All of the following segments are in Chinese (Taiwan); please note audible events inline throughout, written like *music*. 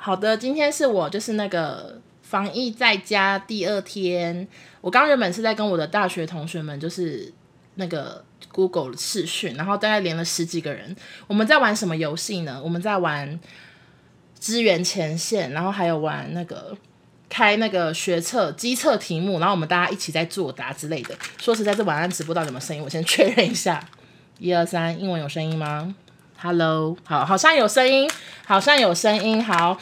好的，今天是我就是那個防疫在家第二天。我剛原本是在跟我的大學同學們，就是那個 Google 視訊，然後大概連了十幾個人。我們在玩什麼遊戲呢？我們在玩支援前線，然後還有玩那個開那個學測機測題目，然後我們大家一起在作答之類的。說實在這晚安直播到底有沒有聲音？我先確認一下，一二三，英文有聲音嗎？Hello，好，好像有聲音，好像有聲音，好，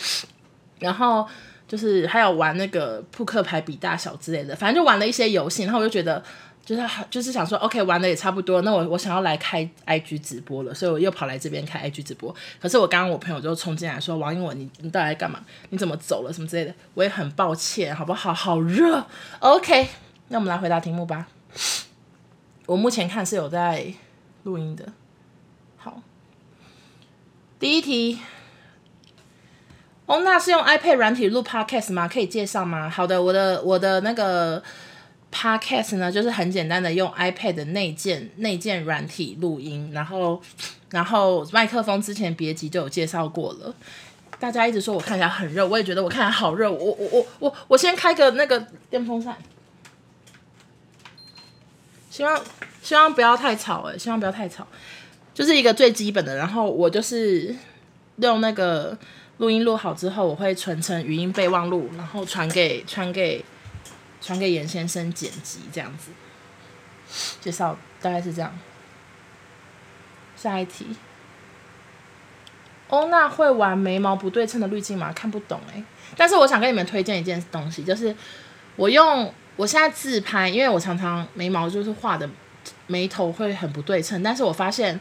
然後就是還有玩那個撲克牌比大小之類的，反正就玩了一些遊戲，然後我就覺得就是就是想說，OK，玩的也差不多，那我我想要來開 IG 直播了，所以我又跑來這邊開 IG 直播。可是我剛剛我朋友就衝進來說，王英文你，你你到底在幹嘛？你怎麼走了什麼之類的？我也很抱歉，好不好？好熱，OK，那我們來回答題目吧。我目前看是有在錄音的。第一題，翁娜是用 iPad 軟體錄 Podcast 嗎？可以介紹嗎？好的，我的我的那個 Podcast 呢，就是很簡單的用 iPad 的內建內建軟體錄音，然後然後麥克風之前別集就有介紹過了。大家一直說我看起來很熱，我也覺得我看起來好熱。我我我我我先開個那個電風扇，希望希望不要太吵誒、欸，希望不要太吵。就是一個最基本的，然後我就是用那個錄音錄好之後，我會存成語音備忘錄，然後傳給傳給傳給嚴先生剪輯，這樣子。介紹大概是這樣。下一題，歐、哦、娜會玩眉毛不對稱的濾鏡嗎？看不懂哎、欸。但是我想跟你們推薦一件東西，就是我用我現在自拍，因為我常常眉毛就是畫的眉頭會很不對稱，但是我發現。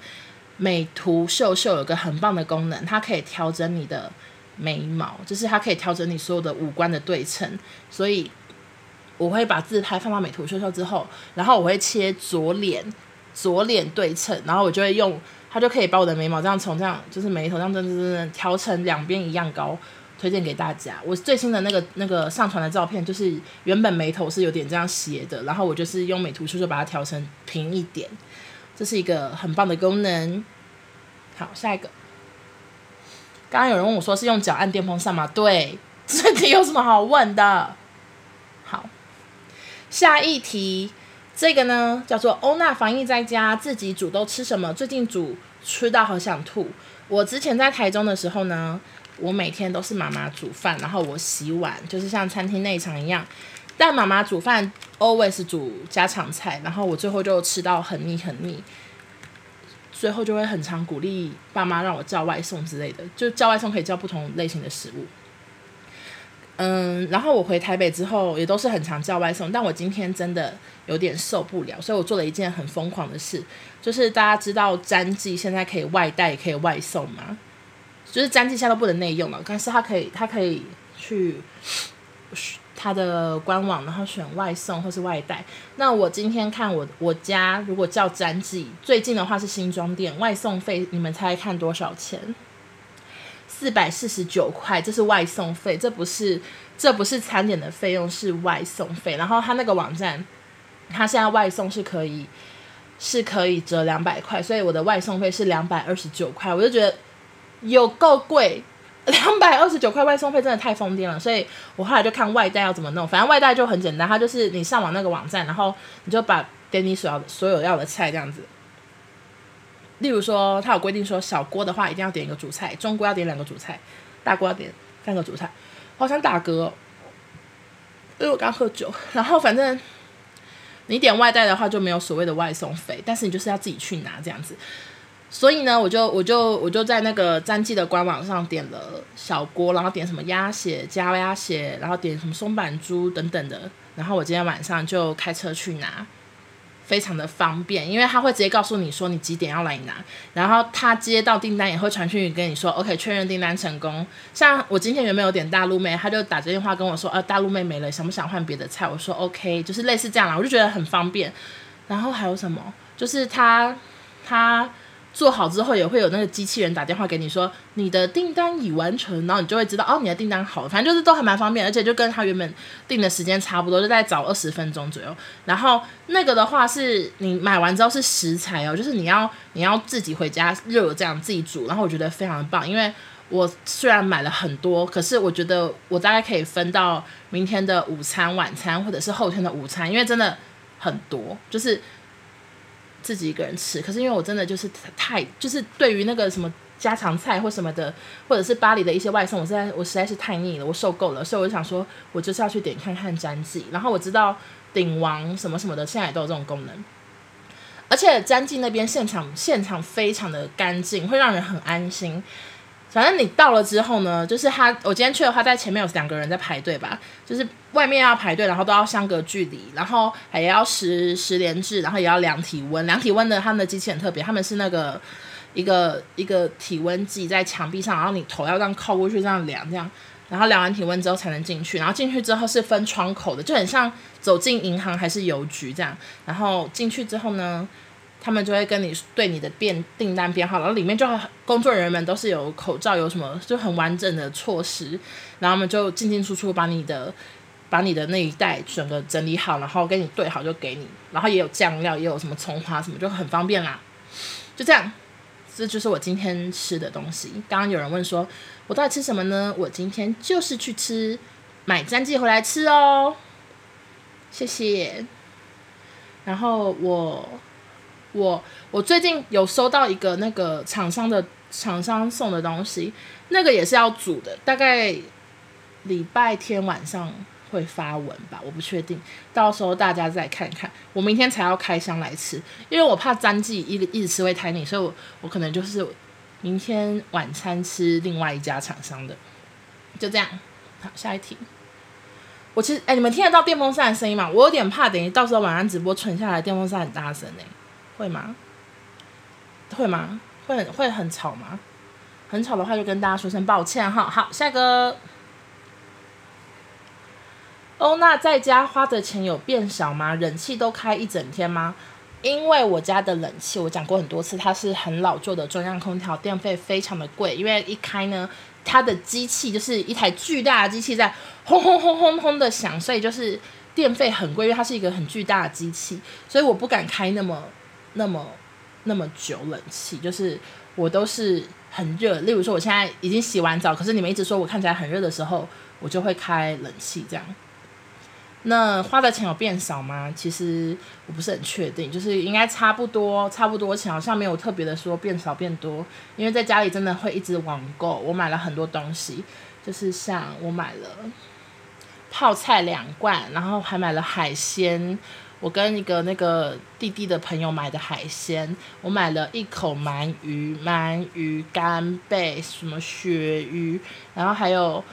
美圖秀秀有個很棒的功能，它可以調整你的眉毛，就是它可以調整你所有的五官的對稱。所以我會把自拍放到美圖秀秀之後，然後我會切左臉，左臉對稱，然後我就會用它就可以把我的眉毛這樣從這樣就是眉頭這樣這樣這樣調成兩邊一樣高。推薦給大家，我最新的那個那個上傳的照片，就是原本眉頭是有點這樣斜的，然後我就是用美圖秀秀把它調成平一點。這是一個很棒的功能，好，下一個。剛剛有人問我說是用腳按電風扇嗎？對，這題有什麼好問的？好，下一題，這個呢叫做歐娜，防疫在家自己煮都吃什麼？最近煮吃到好想吐。我之前在台中的時候呢，我每天都是媽媽煮飯，然後我洗碗，就是像餐廳內場一樣，但媽媽煮飯。always 煮家常菜，然後我最後就吃到很膩很膩，最後就會很常鼓勵爸媽讓我叫外送之類的，就叫外送可以叫不同類型的食物。嗯，然後我回台北之後也都是很常叫外送，但我今天真的有點受不了，所以我做了一件很瘋狂的事，就是大家知道詹記現在可以外帶，也可以外送嗎？就是詹記現在都不能內用了，但是它可以，它可以去。他的官網，然後選外送或是外帶。那我今天看我我家如果叫詹記，最近的話是新莊店，外送費，你們猜看多少錢？四百四十九塊，這是外送費，這不是這不是餐點的費用，是外送費。然後他那個網站，他現在外送是可以是可以折兩百塊，所以我的外送費是兩百二十九塊，我就覺得有夠貴。兩百二十九塊外送費真的太瘋癲了，所以我後來就看外帶要怎麼弄。反正外帶就很簡單，它就是你上網那個網站，然後你就把點你所要所有要的菜這樣子。例如說，他有規定說，小鍋的話一定要點一個主菜，中鍋要點兩個主菜，大鍋要點三個主菜。好想打嗝，因、哎、為我剛喝酒。然後反正你點外帶的話就沒有所謂的外送費，但是你就是要自己去拿這樣子。所以呢，我就我就我就在那個詹記的官網上點了小鍋，然後點什麼鴨血加鴨血，然後點什麼松板豬等等的。然後我今天晚上就開車去拿，非常的方便，因為他會直接告訴你說你幾點要來拿，然後他接到訂單也會傳訊息跟你說，OK，確認訂單成功。像我今天原本有點大陸妹，他就打這電話跟我說，啊，大陸妹沒了，想不想換別的菜？我說 OK，就是類似這樣啦，我就覺得很方便。然後還有什麼？就是他他。做好之後也會有那個機器人打電話給你說你的訂單已完成，然後你就會知道哦你的訂單好了，反正就是都還蠻方便，而且就跟他原本訂的時間差不多，就在早二十分鐘左右。然後那個的話是你買完之後是食材哦，就是你要你要自己回家熱這樣自己煮，然後我覺得非常的棒，因為我雖然買了很多，可是我覺得我大概可以分到明天的午餐、晚餐或者是後天的午餐，因為真的很多，就是。自己一個人吃，可是因為我真的就是太就是對於那個什麼家常菜或什麼的，或者是巴黎的一些外送，我實在我實在是太膩了，我受夠了，所以我就想說，我就是要去點看看詹記，然後我知道鼎王，什麼什麼的，現在也都有這種功能，而且詹記那邊現場現場非常的乾淨，會讓人很安心。反正你到了之後呢，就是他，我今天去的話，在前面有兩個人在排隊吧，就是外面要排隊，然後都要相隔距離，然後還要實實聯制，然後也要量體溫，量體溫的他們的機器很特別，他們是那個一個一個體溫計在牆壁上，然後你頭要這樣靠過去這樣量這樣，然後量完體溫之後才能進去，然後進去之後是分窗口的，就很像走進銀行還是郵局這樣，然後進去之後呢？他們就會跟你對你的訂訂單編號，然後裡面就工作人員們都是有口罩，有什麼就很完整的措施，然後他們就進進出出把你的把你的那一袋整個整理好，然後跟你對好就給你，然後也有醬料，也有什麼蔥花什麼，就很方便啦。就這樣，這就是我今天吃的東西。剛剛有人問說我到底吃什麼呢？我今天就是去吃買詹記回來吃哦、喔。謝謝。然後我。我我最近有收到一個那個廠商的廠商送的東西，那個也是要煮的，大概禮拜天晚上會發文吧，我不確定，到時候大家再看看。我明天才要開箱來吃，因為我怕詹記一直一,一直吃會太膩，所以我，我我可能就是明天晚餐吃另外一家廠商的，就這樣。好，下一題。我其實哎、欸，你們聽得到電風扇的聲音嗎？我有點怕，等於到時候晚上直播存下來，電風扇很大聲哎、欸。會嗎？會嗎？會很會很吵嗎？很吵的話，就跟大家說聲抱歉哈。好，下一個。哦，那在家花的錢有變少嗎？冷氣都開一整天嗎？因為我家的冷氣，我講過很多次，它是很老舊的中央空調，電費非常的貴。因為一開呢，它的機器就是一台巨大的機器在轟轟轟轟轟的響，所以就是電費很貴，因為它是一個很巨大的機器，所以我不敢開那麼。那麼，那麼久冷氣。就是我都是很熱。例如說，我現在已經洗完澡，可是你們一直說我看起來很熱的時候，我就會開冷氣這樣。那花的錢有變少嗎？其實我不是很確定，就是應該差不多，差不多錢好像沒有特別的說變少變多。因為在家裡真的會一直網購，我買了很多東西，就是像我買了泡菜兩罐，然後還買了海鮮，我跟一個那個弟弟的朋友買的海鮮，我買了一口鰻魚、鰻魚干貝，什麼鱈魚，然後還有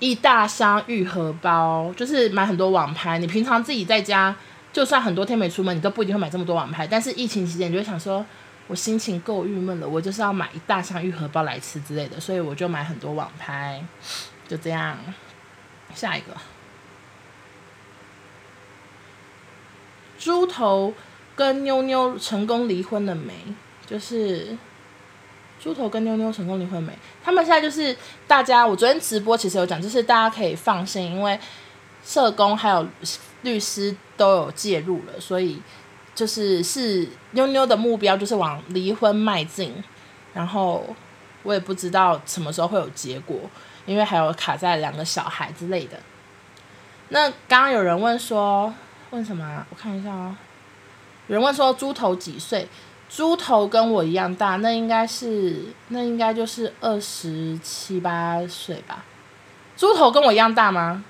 一大箱玉荷包，就是買很多網拍。你平常自己在家，就算很多天沒出門，你都不一定會買這麼多網拍。但是疫情期間，你就會想說，我心情夠鬱悶了，我就是要買一大箱玉荷包來吃之類的，所以我就買很多網拍，就這樣。下一個。豬頭跟妞妞成功離婚了沒？就是豬頭跟妞妞成功離婚沒？他們現在就是大家，我昨天直播其實有講，就是大家可以放心，因為社工還有律師都有介入了，所以就是是妞妞的目標就是往離婚邁進，然後我也不知道什麼時候會有結果，因為還有卡在兩個小孩之類的。那剛剛有人問說，問什麼啊？我看一下哦、啊。有人問說：“豬頭幾歲？”豬頭跟我一樣大，那應該是，那應該就是二十七八歲吧。豬頭跟我一樣大嗎？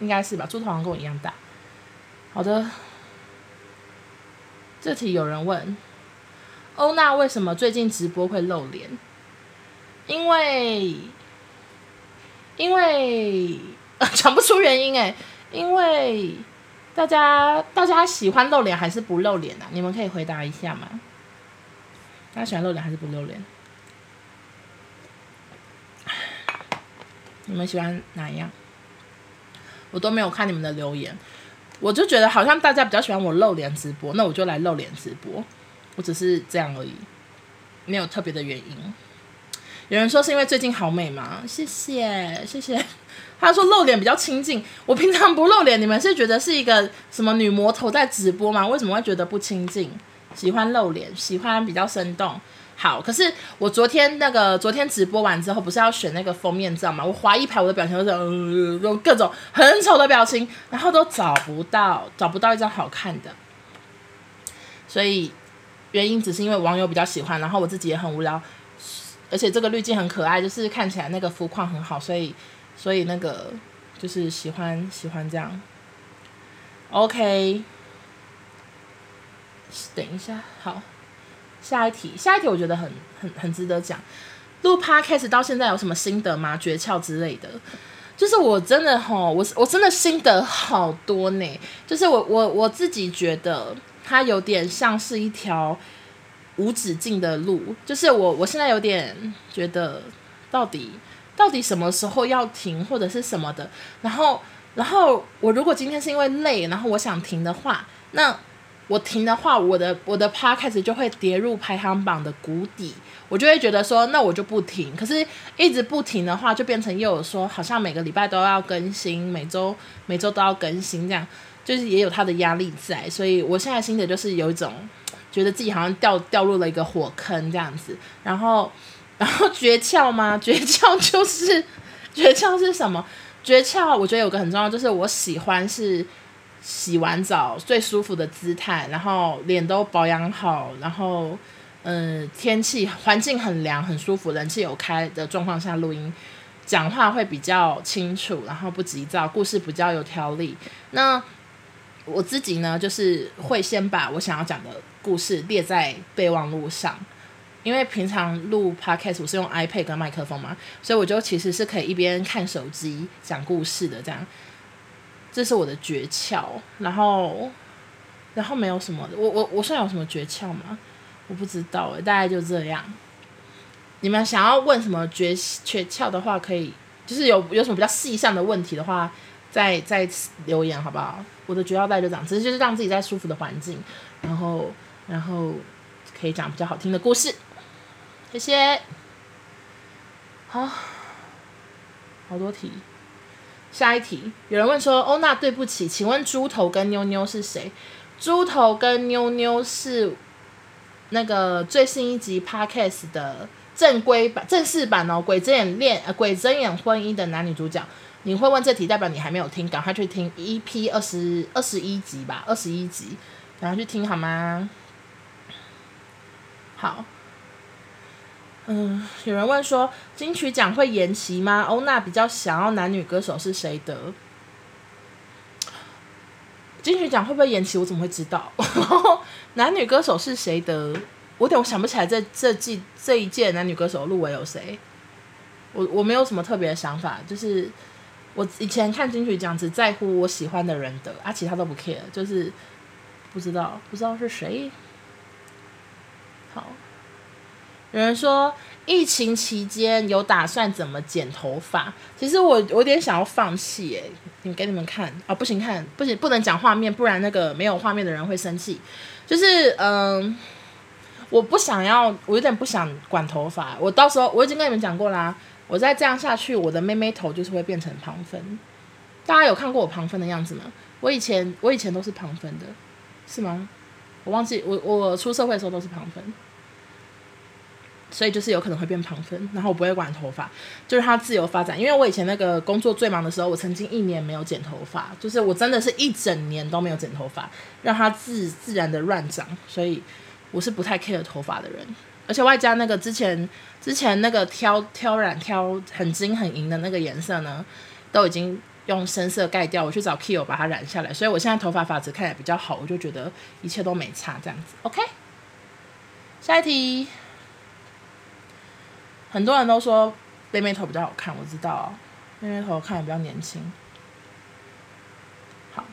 應該是吧。豬頭好像跟我一樣大。好的，這題有人問，歐娜為什麼最近直播會露臉？因為，因為，啊、講不出原因誒、欸，因為。大家，大家喜歡露臉還是不露臉啊？你們可以回答一下嗎？大家喜歡露臉還是不露臉？你們喜歡哪一樣？我都沒有看你們的留言，我就覺得好像大家比較喜歡我露臉直播，那我就來露臉直播。我只是這樣而已，沒有特別的原因。有人說是因為最近好美嗎？謝謝，謝謝。他說露臉比較親近，我平常不露臉，你們是覺得是一個什麼女魔頭在直播嗎？為什麼會覺得不親近？喜歡露臉，喜歡比較生動。好，可是我昨天那個昨天直播完之後，不是要選那個封面照嗎？我滑一排，我的表情都是嗯，有、呃、各種很醜的表情，然後都找不到，找不到一張好看的。所以原因只是因為網友比較喜歡，然後我自己也很無聊，而且這個濾鏡很可愛，就是看起來那個膚況很好，所以。所以那個就是喜歡喜歡這樣，OK。等一下，好，下一題，下一題我覺得很很很值得講。錄 Podcast 到現在有什麼心得嗎？訣竅之類的？就是我真的齁，我我真的心得好多呢。就是我我我自己覺得它有點像是一條無止境的路。就是我我現在有點覺得到底。到底什麼時候要停或者是什麼的？然後，然後我如果今天是因為累，然後我想停的話，那我停的話，我的我的 podcast 就會跌入排行榜的谷底，我就會覺得說，那我就不停。可是，一直不停的話，就變成又有說，好像每個禮拜都要更新，每周每周都要更新，這樣就是也有他的壓力在。所以我現在心得就是有一種覺得自己好像掉掉入了一個火坑這樣子，然後。然後訣竅嗎？訣竅就是，訣竅是什麼？訣竅我覺得有個很重要，就是我喜歡是洗完澡最舒服的姿態，然後臉都保養好，然後嗯、呃、天氣環境很涼很舒服，暖氣有開的狀況下錄音，講話會比較清楚，然後不急躁，故事比較有條理。那我自己呢，就是會先把我想要講的故事列在備忘錄上。因為平常錄 podcast 我是用 iPad 跟麥克風嘛，所以我就其實是可以一邊看手機講故事的這樣，這是我的訣竅。然後，然後沒有什麼，我我我算有什麼訣竅嗎？我不知道誒，大概就這樣。你們想要問什麼訣訣竅的話，可以就是有有什麼比較細項的問題的話，再再留言好不好？我的訣竅大概就講，其只是就是讓自己在舒服的環境，然後然後可以講比較好聽的故事。謝謝。好，好多題。下一題，有人問說：“哦，那對不起，請問豬頭跟妞妞是誰？”豬頭跟妞妞是那個最新一集 podcast 的正規版、正式版哦，《鬼遮眼戀》呃，《鬼遮眼婚姻》的男女主角。你會問這題，代表你還沒有聽，趕快去聽 EP 二十二十一集吧，二十一集，趕快去聽好嗎？好。嗯，有人問說，金曲獎會延期嗎？歐娜比較想要男女歌手是誰得？金曲獎會不會延期？我怎麼會知道？ *laughs* 男女歌手是誰得？我有點我想不起來這這季這一屆男女歌手入圍有誰？我我沒有什麼特別的想法，就是我以前看金曲獎只在乎我喜歡的人得，啊，其他都不 care，就是不知道不知道是誰。有人說疫情期間有打算怎麼剪頭髮？其實我，我有點想要放棄誒、欸，你給你們看啊、哦，不行看，看不行，不能講畫面，不然那個沒有畫面的人會生氣。就是嗯，我不想要，我有點不想管頭髮。我到時候我已經跟你們講過啦，我再這樣下去，我的妹妹頭就是會變成旁分。大家有看過我旁分的樣子嗎？我以前我以前都是旁分的，是嗎？我忘記我我出社會的時候都是旁分。所以就是有可能會變旁分，然後我不會管頭髮，就是它自由發展。因為我以前那個工作最忙的時候，我曾經一年沒有剪頭髮，就是我真的是一整年都沒有剪頭髮，讓它自自然的亂長。所以我是不太 care 頭髮的人，而且外加那個之前之前那個挑挑染挑很金很銀的那個顏色呢，都已經用深色蓋掉。我去找 k i 把它染下來，所以我現在頭髮髮質看起來比較好，我就覺得一切都沒差這樣子。OK，下一題。很多人都說背面頭比較好看，我知道，哦，背面頭看也比較年輕。好，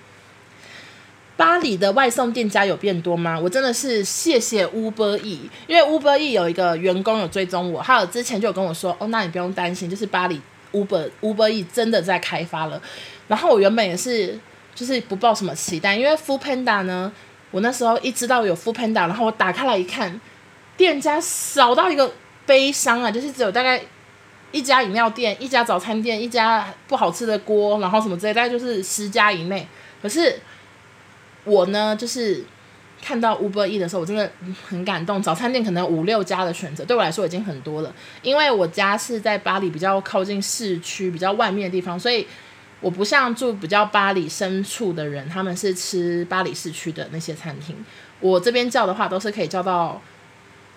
巴黎的外送店家有變多嗎？我真的是謝謝 Uber E，因為 Uber E 有一個員工有追蹤我，還有之前就有跟我說，哦，那你不用擔心，就是巴黎 Uber Uber E 真的在開發了。然後我原本也是就是不抱什麼期待，因為 Food Panda 呢，我那時候一知道有 Food Panda，然後我打開來一看，店家少到一個。悲傷啊，就是只有大概一家飲料店，一家早餐店、一家不好吃的鍋，然後什麼之類，大概就是十家以內。可是我呢，就是看到 Uber Eats 的時候，我真的很感動。早餐店可能五六家的選擇，對我來說已經很多了。因為我家是在巴黎比較靠近市區，比較外面的地方，所以我不像住比較巴黎深處的人，他們是吃巴黎市區的那些餐廳。我這邊叫的話，都是可以叫到。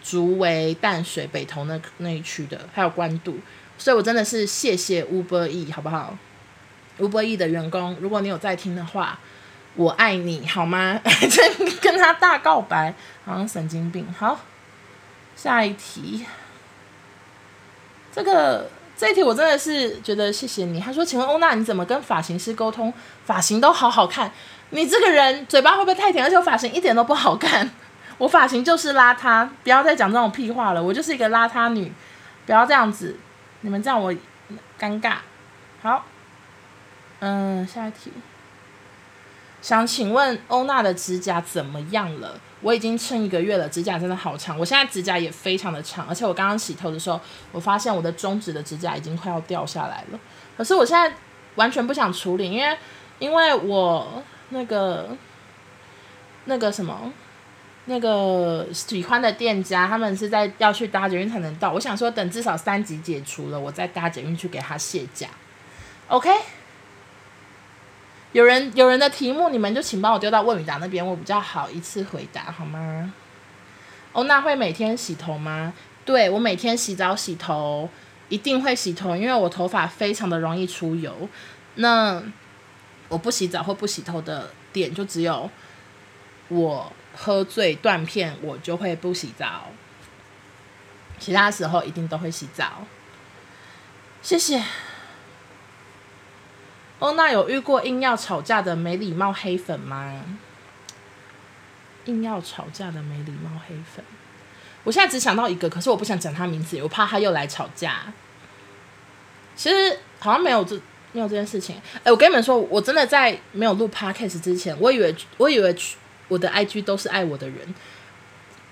竹圍、淡水、北投，那那一區的，還有關渡，所以我真的是謝謝 Ubereats，好不好？Ubereats 的員工，如果你有在聽的話，我愛你，好嗎？ *laughs* 跟他大告白，好像神經病。好，下一題，這個這一題我真的是覺得謝謝你。他說：“請問歐娜，你怎麼跟髮型師溝通？髮型都好好看，你這個人嘴巴會不會太甜？而且我髮型一點都不好看。”我髮型就是邋遢，不要再講這種屁話了。我就是一個邋遢女，不要這樣子，你們這樣我尷尬。好，嗯，下一題。想請問歐娜的指甲怎麼樣了？我已經撐一個月了，指甲真的好長。我現在指甲也非常的長，而且我剛剛洗頭的時候，我發現我的中指的指甲已經快要掉下來了。可是我現在完全不想處理，因為因為我那個那個什麼。那個喜歡的店家，他們是在要去搭捷運才能到。我想說，等至少三級解除了，我再搭捷運去給他卸甲。OK？有人，有人的題目，你們就請幫我丟到問與答那邊，我比較好一次回答，好嗎？歐、oh, 娜會每天洗頭嗎？對，我每天洗澡洗頭，一定會洗頭，因為我頭髮非常的容易出油。那我不洗澡或不洗頭的點，就只有我。喝醉斷片，我就會不洗澡，其他時候一定都會洗澡。謝謝。哦，那有遇過硬要吵架的沒禮貌黑粉嗎？硬要吵架的沒禮貌黑粉，我現在只想到一個，可是我不想講他名字，我怕他又來吵架。其實好像沒有這沒有這件事情。哎，我跟你們說，我真的在沒有錄 podcast 之前，我以為我以為。我的 IG 都是愛我的人，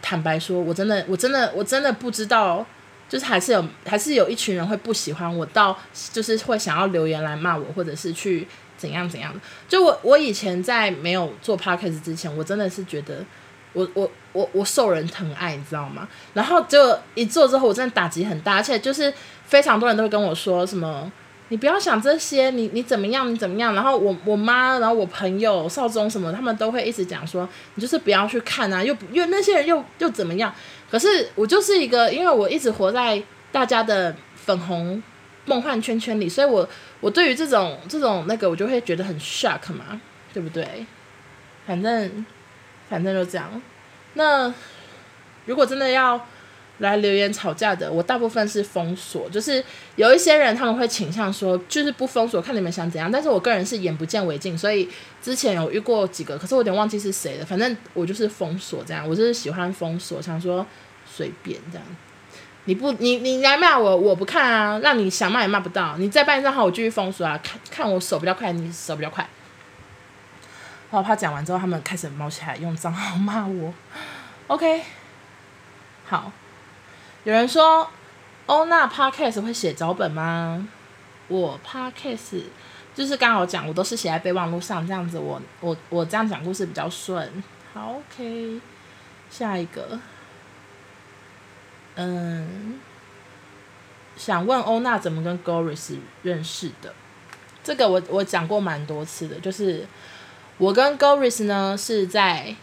坦白說，我真的，我真的，我真的不知道，就是還是有，還是有一群人會不喜歡我，到就是會想要留言來罵我，或者是去怎樣怎樣的。就我，我以前在沒有做 Podcast 之前，我真的是覺得我，我，我，我受人疼愛，你知道嗎？然後就一做之後，我真的打擊很大，而且就是非常多人都會跟我說什麼。你不要想這些，你你怎麼樣，你怎麼樣？然後我我媽，然後我朋友少宗什麼，他們都會一直講說，你就是不要去看啊，又因為那些人又又怎麼樣？可是我就是一個，因為我一直活在大家的粉紅夢幻圈圈裡，所以我我對於這種這種那個，我就會覺得很 shock 嘛，對不對？反正反正就這樣。那如果真的要……來留言吵架的，我大部分是封鎖，就是有一些人他們會傾向說，就是不封鎖，看你們想怎樣。但是我個人是眼不見為淨，所以之前有遇過幾個，可是我有點忘記是誰了。反正我就是封鎖這樣，我就是喜歡封鎖，想說隨便這樣。你不，你你來罵我，我不看啊，讓你想罵也罵不到。你再辦一張號，我繼續封鎖啊，看看我手比較快，你手比較快。我怕講完之後他們開始冒起來用賬號罵我。OK，好。有人說歐娜 podcast 會寫腳本嗎？我 podcast 就是剛好講，我都是寫在備忘錄上，這樣子我我我這樣講故事比較順。好，OK，下一個，嗯，想問歐娜怎麼跟 Goris 認識的？這個我我講過蠻多次的，就是我跟 Goris 呢，是在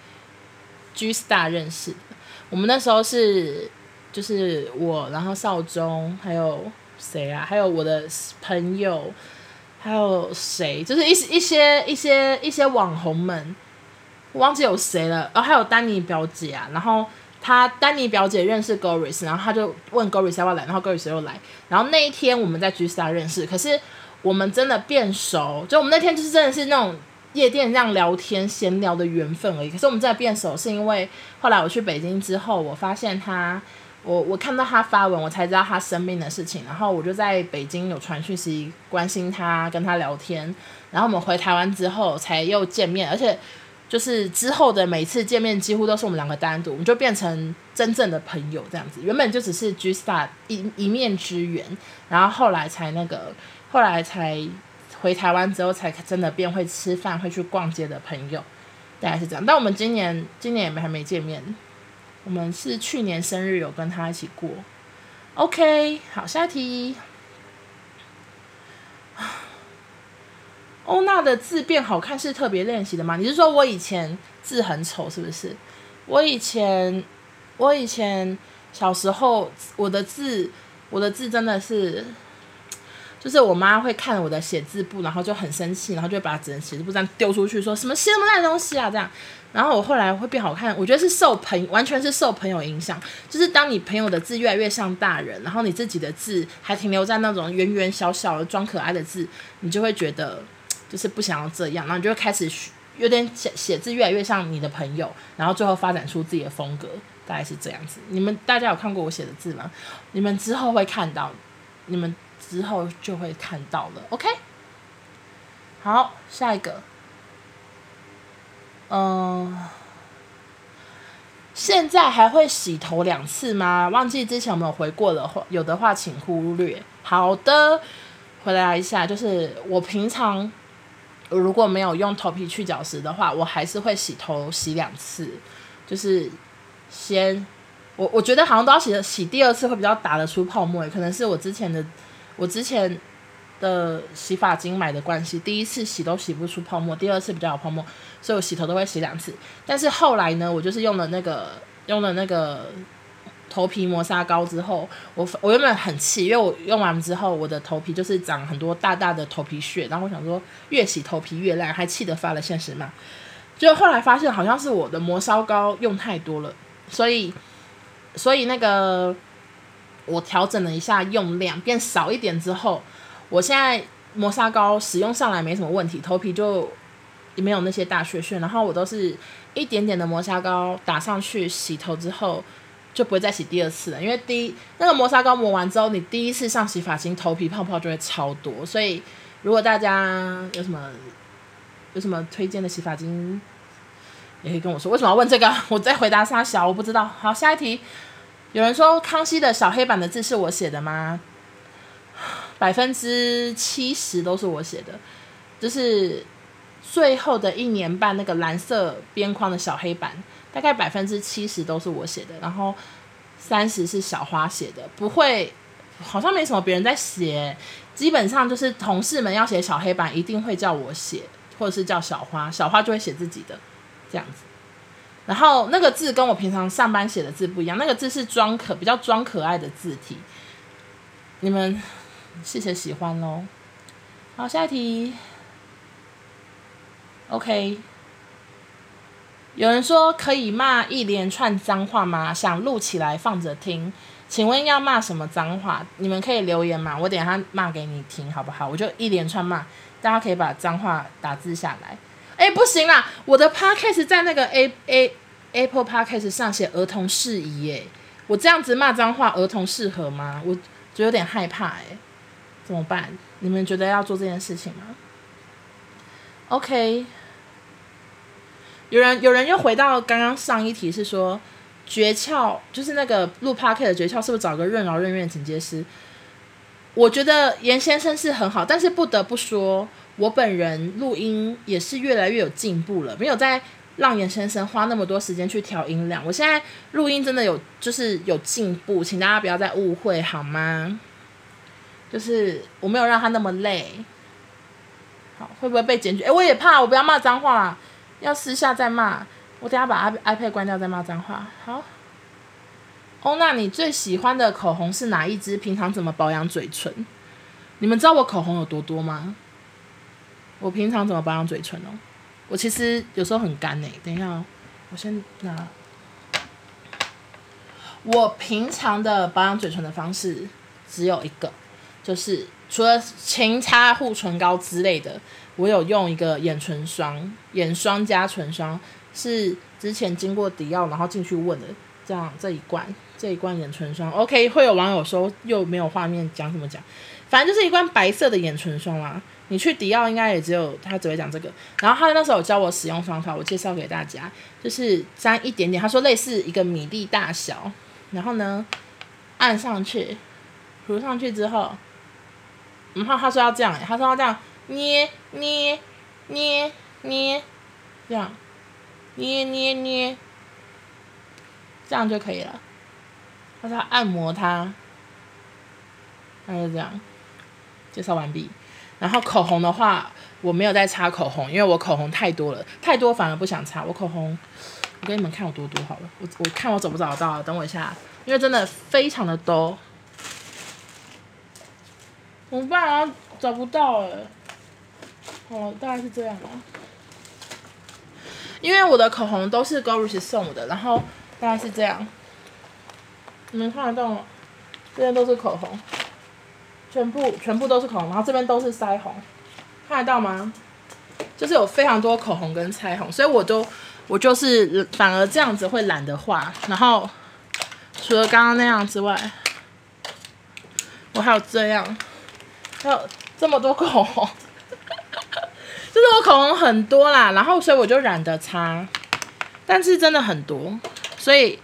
G Star 認識的，我們那時候是。就是我，然後少中，還有誰啊？還有我的朋友，還有誰？就是一一些一些一些網紅們，我忘記有誰了。後、哦、還有丹尼表姐啊。然後他丹尼表姐認識 Goris，然後他就問 Goris 要不要來，然後 Goris 又來。然後那一天我們在 Gstar 認識，可是我們真的變熟，就我們那天就是真的是那種夜店這樣聊天閒聊的緣分而已。可是我們在變熟是因為後來我去北京之後，我發現他。我我看到他發文，我才知道他生病的事情，然後我就在北京有傳訊息關心他，跟他聊天。然後我們回台灣之後才又見面，而且就是之後的每次見面幾乎都是我們兩個單獨，我們就變成真正的朋友這樣子。原本就只是 Goris 一一面之緣，然後後來才那個，後來才回台灣之後才真的變會吃飯、會去逛街的朋友，大概是這樣。但我們今年今年也沒還沒見面。我們是去年生日有跟他一起過，OK，好，下一題。歐娜的字變好看是特別練習的嗎？你是說我以前字很醜是不是？我以前，我以前小時候我的字，我的字真的是，就是我媽會看我的寫字簿，然後就很生氣，然後就把整本寫字簿這樣丟出去，說什麼寫什麼爛東西啊這樣。然後我後來會變好看，我覺得是受朋友完全是受朋友影響，就是當你朋友的字越來越像大人，然後你自己的字還停留在那種圓圓小小的、裝可愛的字，你就會覺得就是不想要這樣，然後你就會開始有點寫寫字越來越像你的朋友，然後最後發展出自己的風格，大概是這樣子。你們大家有看過我寫的字嗎？你們之後會看到，你們之後就會看到了。OK，好，下一個。嗯，現在還會洗頭兩次嗎？忘記之前有沒有回過的話，有的話請忽略。好的，回答一下，就是我平常如果沒有用頭皮去角質的話，我還是會洗頭洗兩次，就是先我我覺得好像都要洗洗第二次會比較打得出泡沫，可能是我之前的我之前。的洗髮精買的關係，第一次洗都洗不出泡沫，第二次比較有泡沫，所以我洗頭都會洗兩次。但是後來呢，我就是用了那個用了那個頭皮磨砂膏之後，我我原本很氣，因為我用完之後，我的頭皮就是長很多大大的頭皮屑，然後我想說越洗頭皮越爛，還氣得發了現實嘛，就後來發現好像是我的磨砂膏用太多了，所以所以那個我調整了一下用量，變少一點之後。我現在磨砂膏使用上來沒什麼問題，頭皮就也沒有那些大屑屑。然後我都是一點點的磨砂膏打上去，洗頭之後就不會再洗第二次了。因為第一那個磨砂膏磨完之後，你第一次上洗髮精，頭皮泡泡就會超多。所以如果大家有什麼有什麼推薦的洗髮精，也可以跟我說。為什麼要問這個？我在回答三小，我不知道。好，下一題。有人說康熙的小黑板的字是我寫的嗎？百分之七十都是我寫的，就是最後的一年半那個藍色邊框的小黑板，大概百分之七十都是我寫的，然後三十是小花寫的，不會，好像沒什麼別人在寫，基本上就是同事們要寫小黑板，一定會叫我寫，或者是叫小花，小花就會寫自己的，這樣子。然後那個字跟我平常上班寫的字不一樣，那個字是裝可比較裝可愛的字體，你們。謝謝喜歡嘍，好，下一題。OK，有人說可以罵一連串髒話嗎？想錄起來放着聽，請問要罵什麼髒話？你們可以留言嗎，我等下罵給你聽好不好？我就一連串罵，大家可以把髒話打字下來。哎，不行啦，我的 Podcast 在那個 A A, A Apple Podcast 上寫兒童適宜，哎，我這樣子罵髒話，兒童適合嗎？我就有點害怕，哎。怎麼辦？你們覺得要做這件事情嗎？OK，有人有人又回到剛剛上一題，是說訣竅就是那個錄 podcast 的訣竅，是不是找個任勞任怨的剪接師？我覺得嚴先生是很好，但是不得不說，我本人錄音也是越來越有進步了，沒有再讓嚴先生花那麼多時間去調音量。我現在錄音真的有就是有進步，請大家不要再誤會好嗎？就是我沒有讓他那麼累，好，會不會被檢舉？哎、欸，我也怕，我不要罵髒話啦，要私下再罵。我等下把 iPad 關掉再罵髒話。好，哦，那你最喜歡的口紅是哪一支？平常怎麼保養嘴唇？你們知道我口紅有多多嗎？我平常怎麼保養嘴唇哦、喔？我其實有時候很乾誒、欸。等一下，我先拿。我平常的保養嘴唇的方式只有一個。就是除了勤擦護唇膏之類的，我有用一個眼唇霜，眼霜加唇霜是之前經過迪奧，然後進去問的，這樣這一罐，這一罐眼唇霜，OK，會有網友說又沒有畫面講怎麼講？反正就是一罐白色的眼唇霜啦、啊。你去迪奧應該也只有他只會講這個，然後他那時候有教我使用方法，我介紹給大家，就是沾一點點，他說類似一個米粒大小，然後呢按上去，塗上去之後。然後他說要這樣，他說要這樣捏捏捏捏，這樣捏捏捏，這樣就可以了。他說要按摩它，他就這樣介紹完畢。然後口紅的話，我沒有在擦口紅，因為我口紅太多了，太多反而不想擦。我口紅，我給你們看我多多好了，我我看我找不找得到？等我一下，因為真的非常的多。怎麼辦啊？找不到哎、欸。好，大概是這樣啊。因為我的口紅都是 Goris 送我的，然後大概是這樣。你們看得到嗎？這邊都是口紅，全部全部都是口紅，然後這邊都是腮紅，看得到嗎？就是有非常多口紅跟腮紅，所以我都我就是反而這樣子會懶得畫，然後除了剛剛那樣之外，我還有這樣。還有這麼多口紅， *laughs* 就是我口紅很多啦，然後所以我就懶得擦，但是真的很多，所以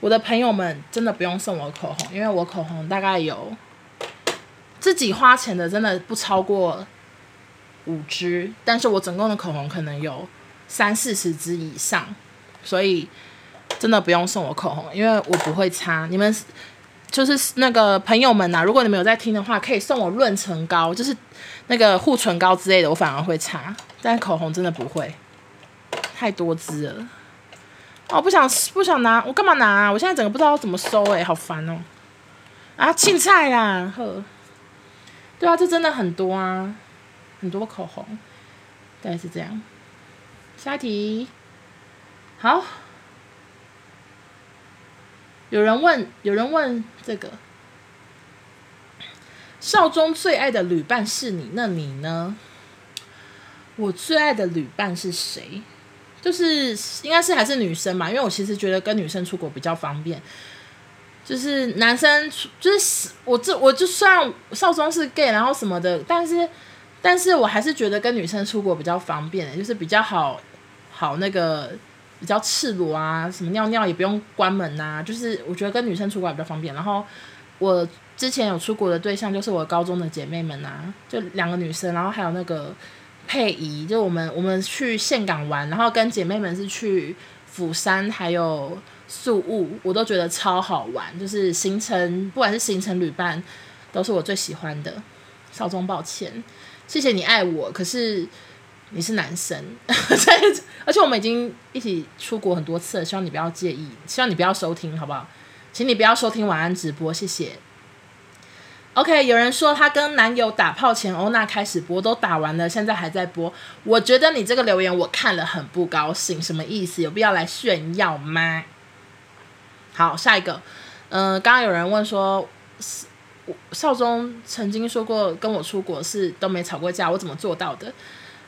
我的朋友們真的不用送我口紅，因為我口紅大概有自己花錢的，真的不超過五支，但是我總共的口紅可能有三四十支以上，所以真的不用送我口紅，因為我不會擦。你們。就是那個朋友們吶、啊，如果你們有在聽的話，可以送我潤唇膏，就是那個護唇膏之類的，我反而會擦，但是口紅真的不會，太多支了。哦，不想不想拿，我幹嘛拿啊？我現在整個不知道怎麼收哎、欸，好煩哦。啊，青菜啦、啊！呵，對啊，這真的很多啊，很多口紅，大概是這樣。下一題。好。有人問，有人問這個，少中最愛的旅伴是你，那你呢？我最愛的旅伴是誰？就是應該是還是女生吧，因為我其實覺得跟女生出國比較方便。就是男生，就是我這我就算少中是 gay，然後什麼的，但是但是我還是覺得跟女生出國比較方便，就是比較好好那個。比較赤裸啊，什麼尿尿也不用關門吶、啊，就是我覺得跟女生出國比較方便。然後我之前有出國的對象就是我高中的姐妹們吶、啊，就兩個女生，然後還有那個佩儀，就我們我們去岘港玩，然後跟姐妹們是去釜山還有宿務，我都覺得超好玩，就是行程不管是行程旅伴都是我最喜歡的。少宗抱歉，謝謝你愛我，可是。你是男生呵呵，而且我們已經一起出國很多次了，希望你不要介意，希望你不要收聽，好不好？請你不要收聽晚安直播，謝謝。OK，有人說她跟男友打炮前歐娜開始播，都打完了，現在還在播。我覺得你這個留言我看了很不高興，什麼意思？有必要來炫耀嗎？好，下一個，嗯、呃，剛剛有人問說，少我少中曾經說過跟我出國是都沒吵過架，我怎麼做到的？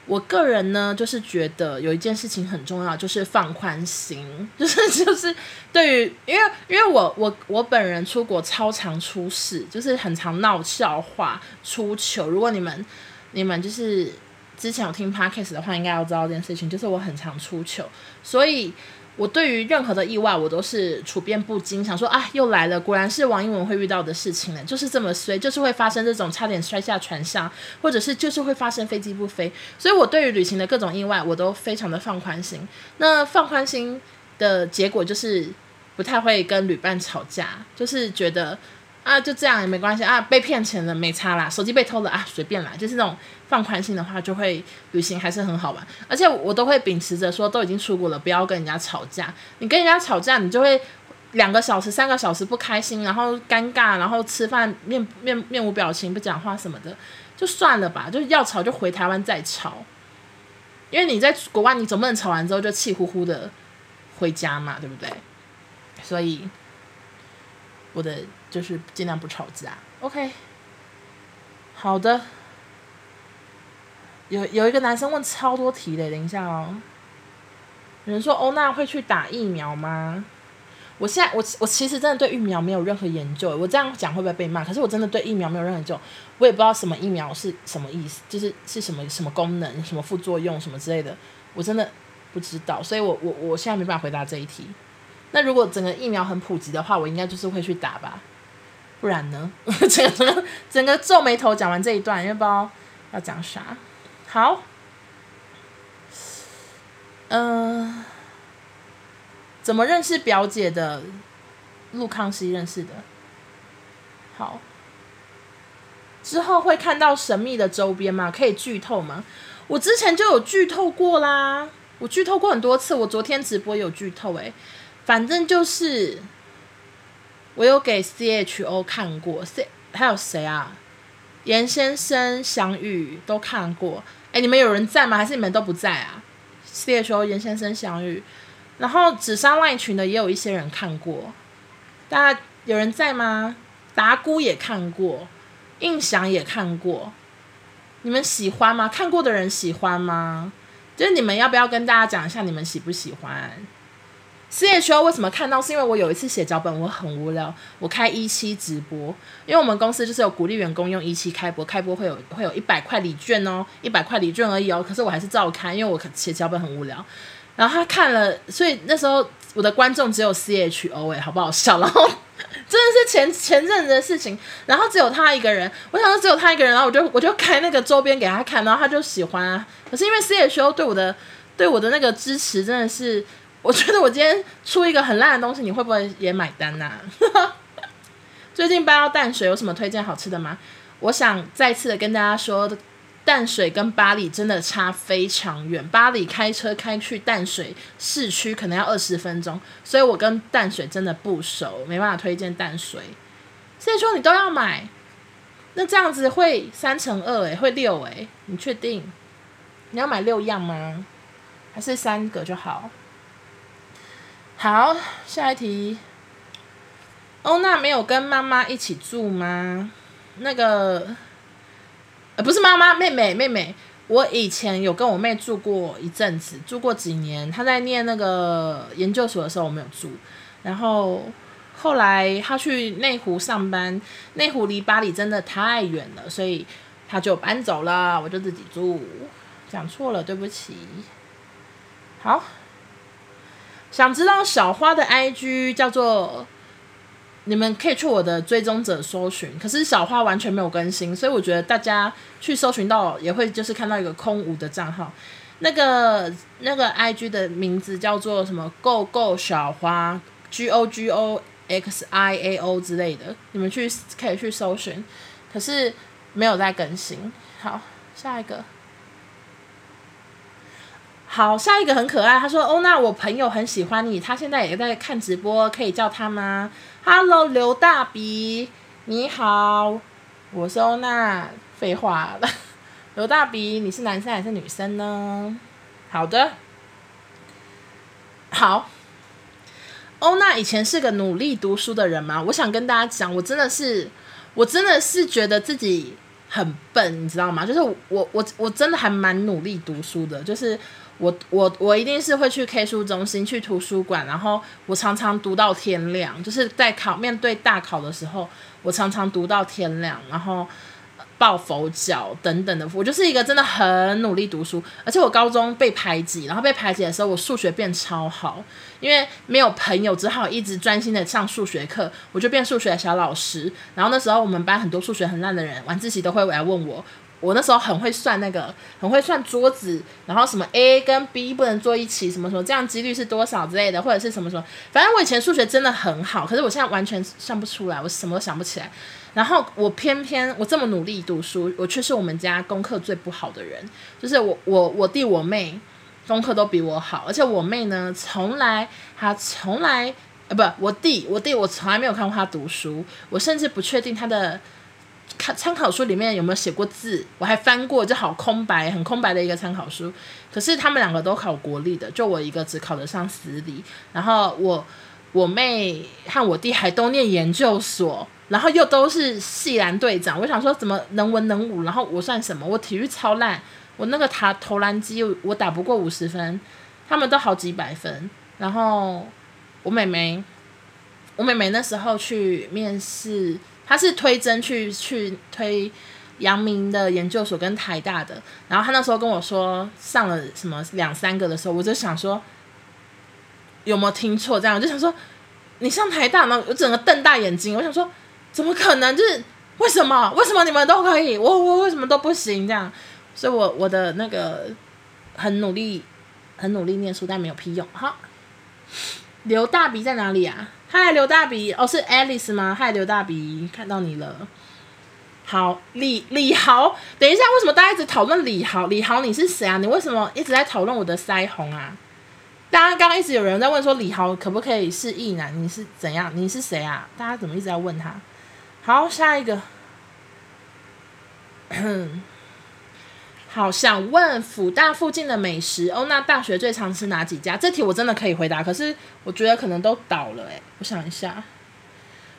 我個人呢，就是覺得有一件事情很重要，就是放寬心，就是就是對於，因為因為我我我本人出國超常出事，就是很常鬧笑話出糗。如果你們你們就是之前有聽 podcast 的話，應該要知道這件事情，就是我很常出糗，所以。我對於任何的意外，我都是處變不驚，想說啊，又來了，果然是王英文會遇到的事情呢。就是這麼衰，就是會發生這種差點摔下船上，或者是就是會發生飛機不飛，所以我對於旅行的各種意外，我都非常的放寬心。那放寬心的結果就是不太會跟旅伴吵架，就是覺得。啊，就這樣也沒關係啊，被騙錢了，沒差啦，手機被偷了啊，隨便啦，就是那種放寬心的話，就會旅行還是很好玩。而且我，我都會秉持着說，都已經出國了，不要跟人家吵架。你跟人家吵架，你就會兩個小時、三個小時不開心，然後尷尬，然後吃飯面面面無表情不講話什麼的，就算了吧。就是要吵就回台灣再吵，因為你在國外，你總不能吵完之後就氣呼呼的回家嘛，對不對？所以我的。就是盡量不吵架，OK，好的。有有一個男生問超多題嘞，等一下哦。有人說哦，那會去打疫苗嗎？我現在我我其實真的對疫苗沒有任何研究，我這樣講會不會被罵？可是我真的對疫苗沒有任何研究，我也不知道什麼疫苗是什麼意思，就是是什麼什麼功能、什麼副作用、什麼之類的，我真的不知道，所以我我我現在沒辦法回答這一題。那如果整個疫苗很普及的話，我應該就是會去打吧。不然呢？整個整個皺眉頭講完這一段，又不知道要講啥。好，嗯、呃，怎麼認識表姐的？陸康熙認識的。好，之後會看到神秘的周邊嗎？可以劇透嗎？我之前就有劇透過啦，我劇透過很多次，我昨天直播有劇透哎、欸，反正就是。我有給 CHO 看過，C 還有誰啊？嚴先生、祥宇都看過。誒、欸，你們有人在嗎？還是你們都不在啊？CHO、嚴先生、祥宇，然後紫砂賴群的也有一些人看過。大家有人在嗎？達姑也看過，印象也看過。你們喜歡嗎？看過的人喜歡嗎？就是你們要不要跟大家講一下你們喜不喜歡？C H O 為什麼看到？是因為我有一次寫腳本，我很無聊，我開17直播，因為我們公司就是有鼓勵員工用17開播，開播會有會有一百塊禮券哦，一百塊禮券而已哦。可是我還是照開，因為我寫腳本很無聊。然後他看了，所以那時候我的觀眾只有 C H O 誒、欸，好不好笑？然後真的是前前陣子的事情，然後只有他一個人，我想說只有他一個人，然後我就我就開那個周邊給他看，然後他就喜歡啊。可是因為 C H O 對我的對我的那個支持真的是。我覺得我今天出一個很爛的東西，你會不會也買單吶、啊？ *laughs* 最近搬到淡水，有什麼推薦好吃的嗎？我想再次的跟大家說，淡水跟八里真的差非常遠。八里開車開去淡水市區可能要二十分鐘，所以我跟淡水真的不熟，沒辦法推薦淡水。所以說你都要買，那這樣子會三乘二誒，會六誒、欸，你確定？你要買六樣嗎？還是三個就好？好，下一題。歐娜沒有跟媽媽一起住嗎？那個，呃，不是媽媽，妹妹，妹妹。我以前有跟我妹住過一陣子，住過幾年。她在念那個研究所的時候，我沒有住。然後後來她去內湖上班，內湖離巴黎真的太遠了，所以她就搬走了，我就自己住。講錯了，對不起。好。想知道小花的 IG 叫做，你們可以去我的追蹤者搜尋，可是小花完全沒有更新，所以我覺得大家去搜尋到也會就是看到一個空無的賬號。那個那個 IG 的名字叫做什麼？Go Go 小花，G O G O X I A O 之類的，你們去可以去搜尋，可是沒有在更新。好，下一個。好，下一個很可愛。他說：“歐娜，我朋友很喜歡你，他現在也在看直播，可以叫他嗎？”“Hello，劉大鼻，你好。我”我說：“那廢話了， *laughs* 劉大鼻，你是男生還是女生呢？”“好的。”“好。”歐娜以前是個努力讀書的人嗎？我想跟大家講，我真的是，我真的是覺得自己很笨，你知道嗎？就是我，我，我真的還蠻努力讀書的，就是。我我我一定是會去 K 書中心，去圖書館，然後我常常讀到天亮。就是在考面對大考的時候，我常常讀到天亮，然後抱佛腳等等的。我就是一個真的很努力讀書，而且我高中被排擠，然後被排擠的時候，我數學變超好，因為沒有朋友，只好一直專心的上數學課，我就變數學小老師。然後那時候我們班很多數學很爛的人，晚自習都會來問我。我那時候很會算那個，很會算桌子，然後什麼 A 跟 B 不能坐一起，什麼什麼，這樣幾率是多少之類的，或者是什麼什麼，反正我以前數學真的很好，可是我現在完全算不出來，我什麼都想不起來。然後我偏偏我這麼努力讀書，我卻是我們家功課最不好的人，就是我我我弟我妹功課都比我好，而且我妹呢，從來她從來啊，呃、不，我弟我弟我從來沒有看過他讀書，我甚至不確定他的。參考書裡面有沒有寫過字？我還翻過，就好空白，很空白的一個參考書。可是他們兩個都考國立的，就我一個只考得上私立。然後我、我妹和我弟還都念研究所，然後又都是系籃隊長。我想說，怎麼能文能武？然後我算什麼？我體育超爛，我那個塔投籃機我打不過五十分，他們都好幾百分。然後我妹妹，我妹妹那時候去面試。他是推甄去去推，陽明的研究所跟台大的。然後他那時候跟我說上了什麼兩三個的時候，我就想說有沒有聽錯這樣，我就想說你上台大嗎？我整個瞪大眼睛，我想說怎麼可能，就是為什麼為什麼你們都可以，我我為什麼都不行這樣，所以我，我我的那個很努力，很努力念書，但沒有屁用。哈。劉大鼻在哪裡啊？嗨，劉大比，哦，是 Alice 嗎？嗨，劉大比，看到你了。好，李李豪，等一下，為什麼大家一直討論李豪？李豪，你是誰啊？你為什麼一直在討論我的腮紅啊？大家剛剛一直有人在問說李豪可不可以是異男？你是怎樣？你是誰啊？大家怎麼一直在問他？好，下一個。 *coughs* 好，想問輔大附近的美食哦，那大學最常吃哪幾家？這題我真的可以回答，可是我覺得可能都倒了誒，我想一下，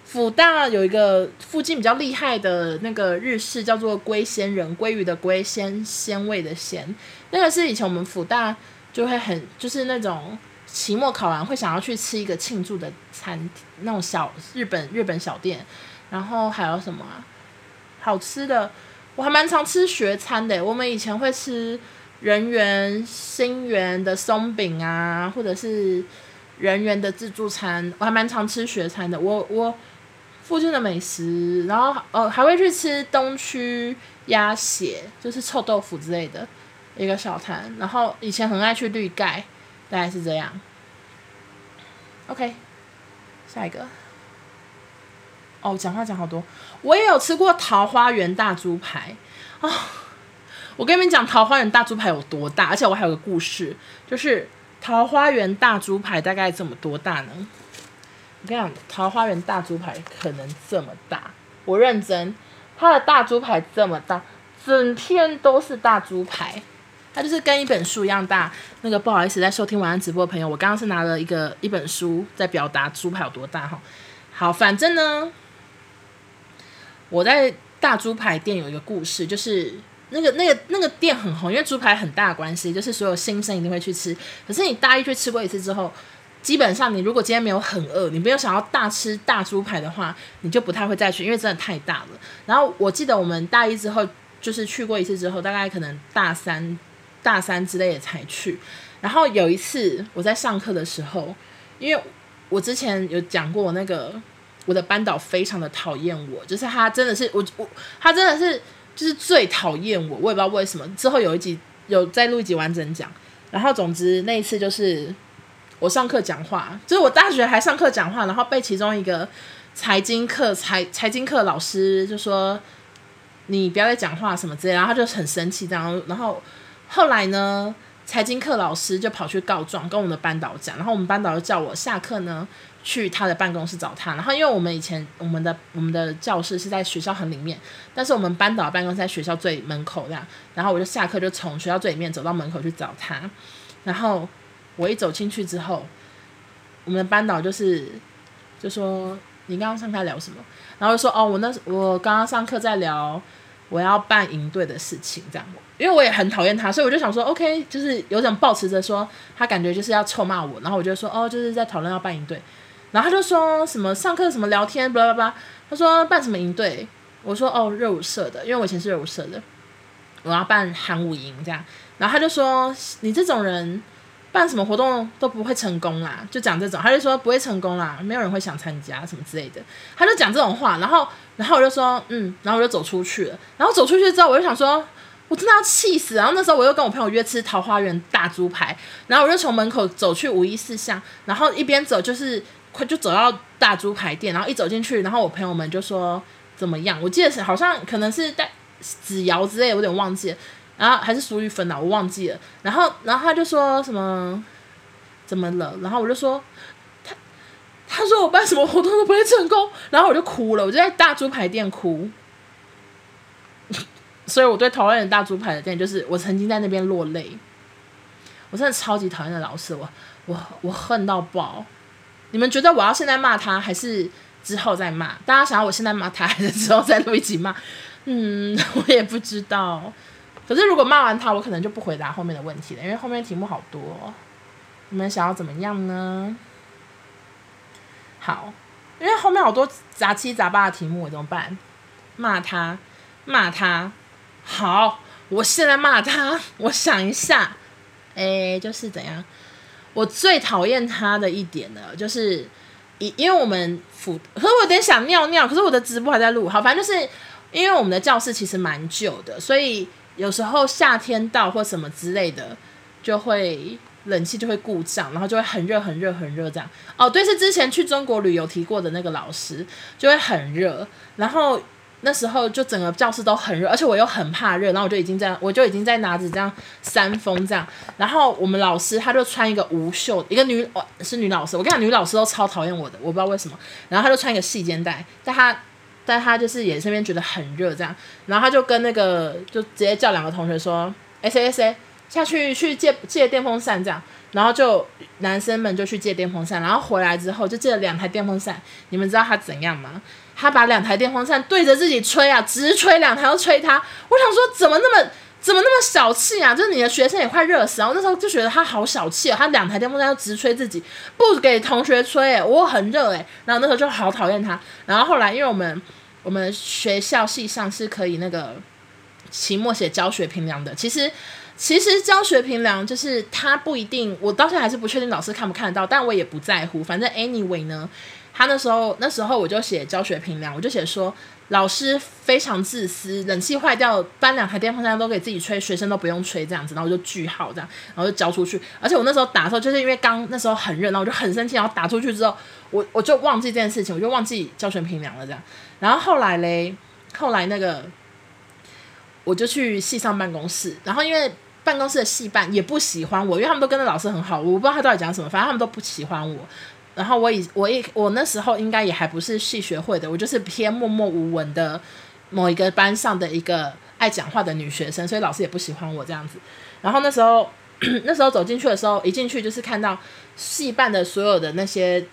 輔大有一個附近比較厲害的那個日式，叫做龜仙人，鮭魚的龜鮮，鮮味的鮮。那個是以前我們輔大就會很，就是那種期末考完會想要去吃一個慶祝的餐那種小日本日本小店。然後還有什麼、啊、好吃的？我還蠻常吃學餐的，我們以前會吃人緣、新源的鬆餅啊，或者是人緣的自助餐。我還蠻常吃學餐的，我我附近的美食，然後哦、呃、還會去吃東區鴨血，就是臭豆腐之類的，一個小攤。然後以前很愛去綠蓋，大概是這樣。OK，下一個。哦，講話講好多。我也有吃過桃花源大豬排啊，哦！我跟你們講，桃花源大豬排有多大？而且我還有一個故事，就是桃花源大豬排大概這麼多大呢？我跟你講，桃花源大豬排可能這麼大，我認真，它的大豬排這麼大，整片都是大豬排，它就是跟一本書一樣大。那個不好意思，在收聽晚安直播的朋友，我剛剛是拿了一個一本書在表達豬排有多大哈。好，反正呢。我在大豬排店有一個故事，就是那個那個那個店很紅，因為豬排很大關係，就是所有新生一定會去吃。可是你大一去吃過一次之後，基本上你如果今天沒有很餓，你沒有想要大吃大豬排的話，你就不太會再去，因為真的太大了。然後我記得我們大一之後就是去過一次之後，大概可能大三大三之類的才去。然後有一次我在上課的時候，因為我之前有講過那個。我的班導非常的討厭我，就是他真的是我我，他真的是就是最討厭我，我也不知道為什麼。之後有一集有再錄一集完整講，然後總之那一次就是我上課講話，就是我大學還上課講話，然後被其中一個財經課財財經課老師就說，你不要再講話什麼之類，然後他就很生氣，然後然後後來呢？財經課老師就跑去告狀，跟我們的班導講，然後我們班導就叫我下課呢去他的辦公室找他。然後因為我們以前我們的我們的教室是在學校很裡面，但是我們班導的辦公室在學校最門口這樣。然後我就下課就從學校最裡面走到門口去找他。然後我一走進去之後，我們的班導就是就說你剛剛上課在聊什麼？然後就說哦，我那我剛剛上課在聊。我要辦營隊的事情，這樣，因為我也很討厭他，所以我就想說，OK，就是有種抱持着說，他感覺就是要臭罵我，然後我就說，哦，就是在討論要辦營隊，然後他就說什麼上課什麼聊天，巴拉巴拉，他說辦什麼營隊，我說，哦，熱舞社的，因為我以前是熱舞社的，我要辦韓舞營這樣，然後他就說你這種人。辦什麼活動都不會成功啦，就講這種，他就說不會成功啦，沒有人會想參加什麼之類的，他就講這種話，然後，然後我就說，嗯，然後我就走出去了，然後走出去之後，我就想說，我真的要氣死，然後那時候我又跟我朋友約吃桃花源大豬排，然後我就從門口走去五一四巷，然後一邊走就是快就走到大豬排店，然後一走進去，然後我朋友們就說怎麼樣，我記得是好像可能是帶子瑤之類，我有點忘記了。然後還是屬於粉啊，我忘記了。然後，然後他就說什麼，怎麼了？然後我就說，他他說我辦什麼活動都，都不會成功。然後我就哭了，我就在大豬排店哭。 *laughs* 所以我對討厭的大豬排的店，就是我曾經在那邊落淚。我真的超級討厭的老師，我我我恨到爆。你們覺得我要現在罵他，還是之後再罵？大家想要我現在罵他，還是之後再錄一集罵？嗯，我也不知道。可是，如果罵完他，我可能就不回答後面的問題了，因為後面題目好多哦。你們想要怎麼樣呢？好，因為後面好多雜七雜八的題目，我怎麼辦？罵他，罵他。好，我現在罵他。我想一下，哎、欸，就是怎樣？我最討厭他的一點呢，就是因因為我們輔，可是我有點想尿尿，可是我的直播還在錄。好，反正就是因為我們的教室其實蠻舊的，所以。有時候夏天到或什麼之類的，就會冷氣就會故障，然後就會很熱很熱很熱這樣。哦，對，是之前去中國旅遊提過的那個老師，就會很熱。然後那時候就整個教室都很熱，而且我又很怕熱，然後我就已經在，我就已經在拿着這樣扇風這樣。然後我們老師她就穿一個無袖，一個女、哦、是女老師，我跟你講女老師都超討厭我的，我不知道為什麼。然後她就穿一個細肩帶，但她。但他，就是也身邊覺得很熱這樣，然後他就跟那個就直接叫兩個同學說，S A S A，下去去借借電風扇這樣，然後就男生們就去借電風扇，然後回來之後就借了兩台電風扇，你們知道他怎樣嗎？他把兩台電風扇對着自己吹啊，直吹兩台都吹他，我想說怎麼那麼。怎麼那麼小氣啊！就是你的學生也快熱死了。然後那時候就覺得他好小氣、哦，他兩台電風扇要直吹自己，不給同學吹、欸。我很熱誒、欸，然後那時候就好討厭他。然後後來，因為我們我們學校系上是可以那個期末寫教學評量的。其實其實教學評量就是他不一定，我到現在還是不確定老師看不看得到，但我也不在乎。反正 anyway 呢，他那時候那時候我就寫教學評量，我就寫說。老師非常自私，冷氣壞掉，搬兩台電風扇都給自己吹，學生都不用吹，這樣子，然後我就句號這樣，然後就交出去。而且我那時候打的時候，就是因為剛那時候很熱，然後我就很生氣，然後打出去之後，我我就忘記這件事情，我就忘記教學評量了這樣。然後後來嘞，後來那個我就去系上辦公室，然後因為辦公室的系辦也不喜歡我，因為他們都跟着老師很好，我不知道他到底講什麼，反正他們都不喜歡我。然後我以我一我那時候應該也還不是系學會的，我就是偏默默無聞的某一個班上的一個愛講話的女學生，所以老師也不喜歡我這樣子。然後那時候 *coughs* 那時候走進去的時候，一進去就是看到系辦的所有的那些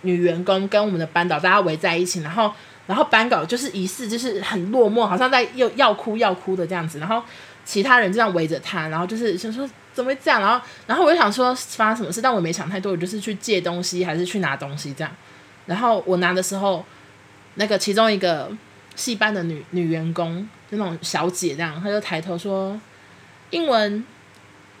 女員工跟我們的班導大家圍在一起，然後然後班導就是疑似就是很落寞，好像在又要哭要哭的這樣子，然後。其他人這樣圍着他，然後就是想說怎麼會這樣，然後然後我就想說發生什麼事，但我沒想太多，我就是去借東西還是去拿東西這樣。然後我拿的時候，那個其中一個戲班的女女員工，那種小姐這樣，她就抬頭說英文，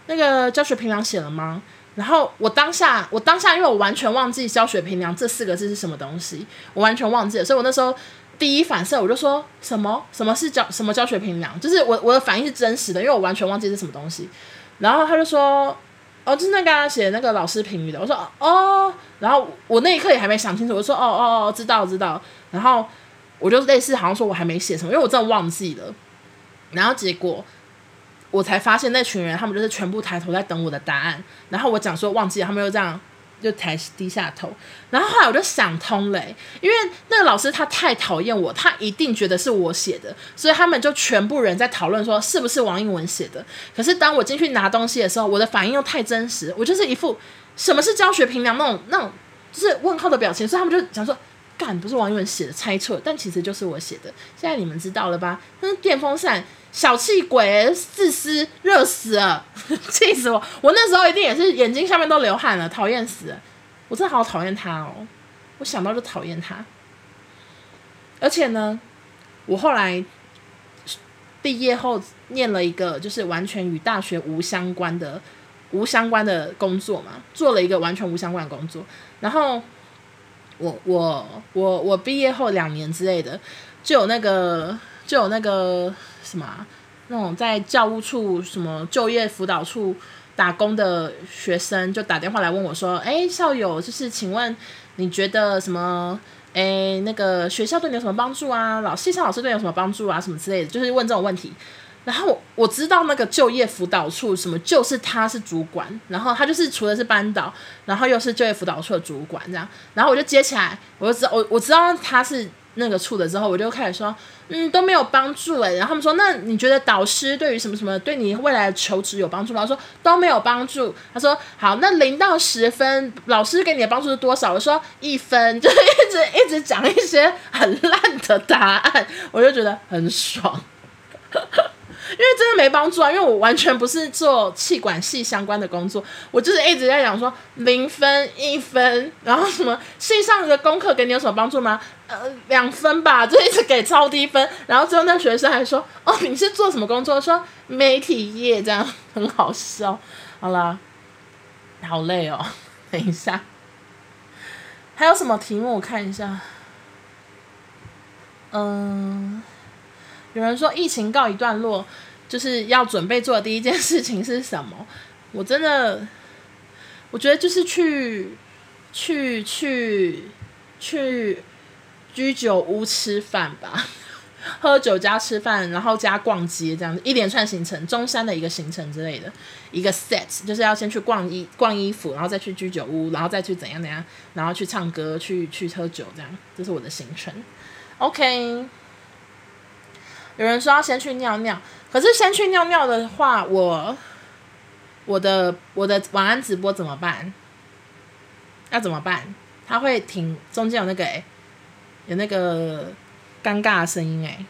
那個教學評量寫了嗎？然後我當下我當下因為我完全忘記教學評量這四個字是什麼東西，我完全忘記了，所以我那時候。第一反射我就說，什麼什麼是教什麼教學評量？就是我我的反應是真實的，因為我完全忘記是什麼東西。然後他就說，哦，就是那個、啊、寫那個老師評語的。我說哦，然後我那一刻也還沒想清楚，我說哦哦，哦，知道知道。然後我就類似好像說我還沒寫什麼，因為我真的忘記了。然後結果我才發現那群人他們就是全部抬頭在等我的答案。然後我講說忘記了，他們又這樣。就才低下頭，然後後來我就想通了、欸，因為那個老師他太討厭我，他一定覺得是我寫的，所以他們就全部人在討論說是不是王英文寫的。可是當我進去拿東西的時候，我的反應又太真實，我就是一副什麼是教學評量那種那種就是問號的表情，所以他們就想說。不是網友寫的猜測，但其實就是我寫的。現在你們知道了吧？那、嗯、是電風扇，小氣鬼，自私，熱死了， *laughs* 氣死我！我那時候一定也是眼睛下面都流汗了，討厭死了！我真的好討厭他哦，我想到就討厭他。而且呢，我後來畢業後念了一個就是完全與大學無相關的無相關的工作嘛，做了一個完全無相關的工作，然後。我我我我畢業後兩年之類的，就有那個就有那個什麼、啊、那種在教務處什麼就業輔導處打工的學生就打電話來問我說：“哎，校友，就是請問你覺得什麼？哎，那個學校對你有什麼幫助啊？老、系上老師對你有什麼幫助啊？什麼之類的，就是問這種問題。”然後我我知道那個就業輔導處什麼就是他是主管，然後他就是除了是班導，然後又是就業輔導處的主管這樣，然後我就接起來，我就知道我我知道他是那個處的之後，我就開始說，嗯都沒有幫助哎、欸，然後他們說，那你覺得導師對於什麼什麼對你未來的求職有幫助嗎？我說都沒有幫助。他說好，那零到十分老師給你的幫助是多少？我說一分，就一直一直講一些很爛的答案，我就覺得很爽。 *laughs* 因為真的沒幫助啊！因為我完全不是做企管系相關的工作，我就是一直在講說零分、一分，然後什麼，系上的功課給你有什麼幫助嗎？呃，兩分吧，就一直給超低分。然後最後那學生還說：“哦，你是做什麼工作？”說媒體業，這樣很好笑。好啦，好累哦。等一下，還有什麼題目？我看一下。嗯、呃。有人說疫情告一段落，就是要準備做的第一件事情是什麼？我真的，我覺得就是去去去去居酒屋吃飯吧呵呵，喝酒加吃飯，然後加逛街這樣子一連串行程，中山的一個行程之類的一個 set，就是要先去逛衣逛衣服，然後再去居酒屋，然後再去怎樣怎樣，然後去唱歌，去去喝酒這樣，這是我的行程。OK。有人說要先去尿尿，可是先去尿尿的話，我，我的我的晚安直播怎麼辦？要怎麼辦？他會停，中間有那個誒、欸，有那個尷尬的聲音誒、欸。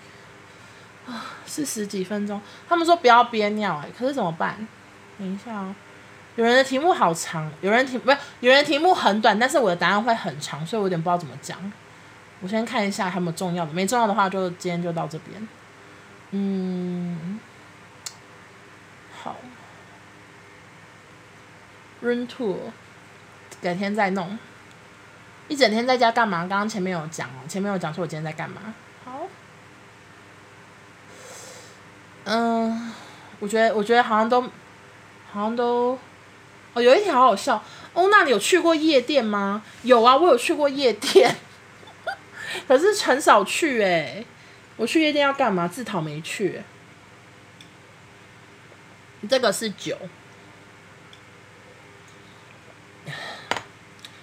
啊、呃，是十幾分鐘。他們說不要憋尿誒、欸。可是怎麼辦？等一下哦、喔。有人的題目好長，有人題不，有，有人題目很短，但是我的答案會很長，所以我有點不知道怎麼講。我先看一下他們重要的，沒重要的話就今天就到這邊。嗯，好，room tour，改天再弄。一整天在家幹嘛？剛剛前面有講哦，前面有講說我今天在幹嘛。好。嗯，我覺得我覺得好像都，好像都，哦，有一條好好笑。哦，那你有去過夜店嗎？有啊，我有去過夜店， *laughs* 可是很少去誒、欸。我去夜店要幹嘛？自討沒趣。這個是酒。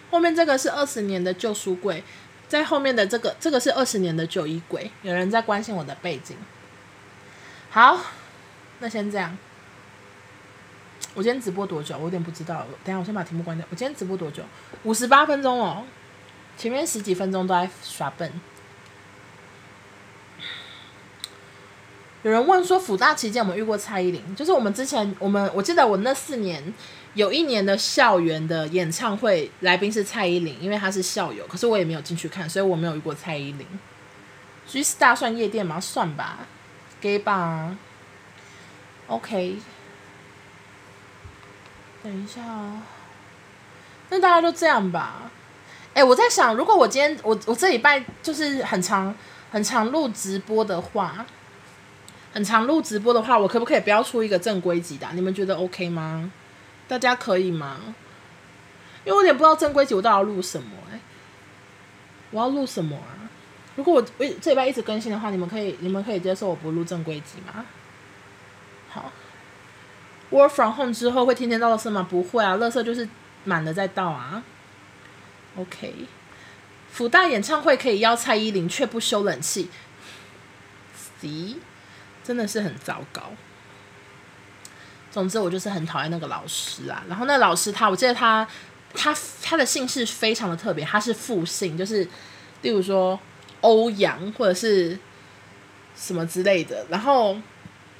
後面這個是二十年的舊書櫃，在後面的這個，這個是二十年的舊衣櫃。有人在關心我的背景？好，那先這樣。我今天直播多久？我有點不知道。等一下我先把題目關掉。我今天直播多久？五十八分鐘哦。前面十幾分鐘都在耍笨。有人問說，輔大期間我們遇過蔡依林，就是我們之前我們我記得我那四年有一年的校園的演唱會來賓是蔡依林，因為她是校友，可是我也沒有進去看，所以我沒有遇過蔡依林。所以是打算夜店嘛，算吧，gay 吧，OK。等一下、啊，那大家都這樣吧。哎，欸，我在想，如果我今天我、我這禮拜就是很常很常錄直播的話。很常錄直播的話，我可不可以不要出一個正規集的？啊，你們覺得 OK 嗎？大家可以嗎？因為我有點不知道正規集我到底要錄什麼、欸、我要錄什麼啊？如果我，我這禮拜一直更新的話，你們可以你們可以接受我不錄正規集嗎？好，Work from home 之後會天天倒垃圾嗎？不會啊，垃圾就是滿了再倒啊。OK，輔大演唱會可以邀蔡依林卻不修冷氣。咦？真的是很糟糕。總之，我就是很討厭那個老師啊。然後那個老師他，我記得他，他他的姓氏非常的特別，他是複姓，就是例如說歐陽，或者是什麼之類的。然後，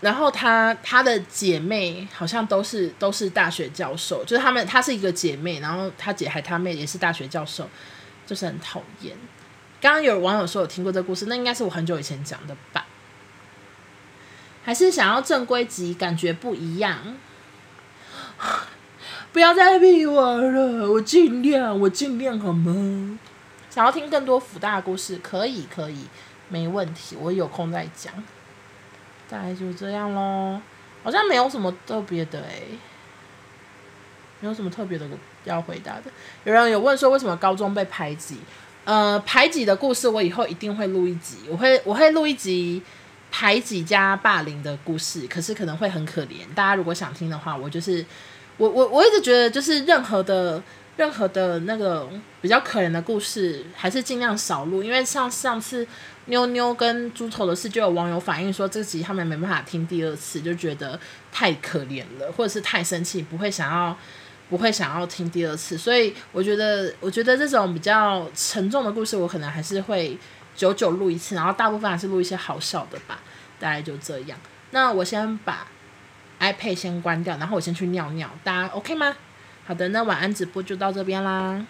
然後他他的姐妹好像都是都是大學教授，就是他們他是一個姐妹，然後他姐還他妹也是大學教授，就是很討厭。剛剛有網友說有聽過這個故事，那應該是我很久以前講的吧。還是想要正規級，感覺不一樣。不要再逼我了，我盡量，我盡量好嗎？想要聽更多輔大的故事，可以，可以，沒問題，我有空再講。大概就這樣嘍，好像沒有什麼特別的哎、欸，沒有什麼特別的我要回答的。有人有問說，為什麼高中被排擠，呃，排擠的故事我以後一定會錄一集，我會，我會錄一集。排擠加霸凌的故事，可是可能會很可憐。大家如果想聽的話，我就是我我我一直覺得，就是任何的任何的那個比較可憐的故事，還是盡量少錄，因為像上次妞妞跟豬頭的事，就有網友反映說，這集他們沒辦法聽第二次，就覺得太可憐了，或者是太生氣，不會想要不會想要聽第二次。所以我覺得，我覺得這種比較沉重的故事，我可能還是會。久久錄一次，然後大部分還是錄一些好笑的吧，大概就這樣。那我先把 iPad 先關掉，然後我先去尿尿，大家 OK 嗎？好的，那晚安直播就到這邊啦。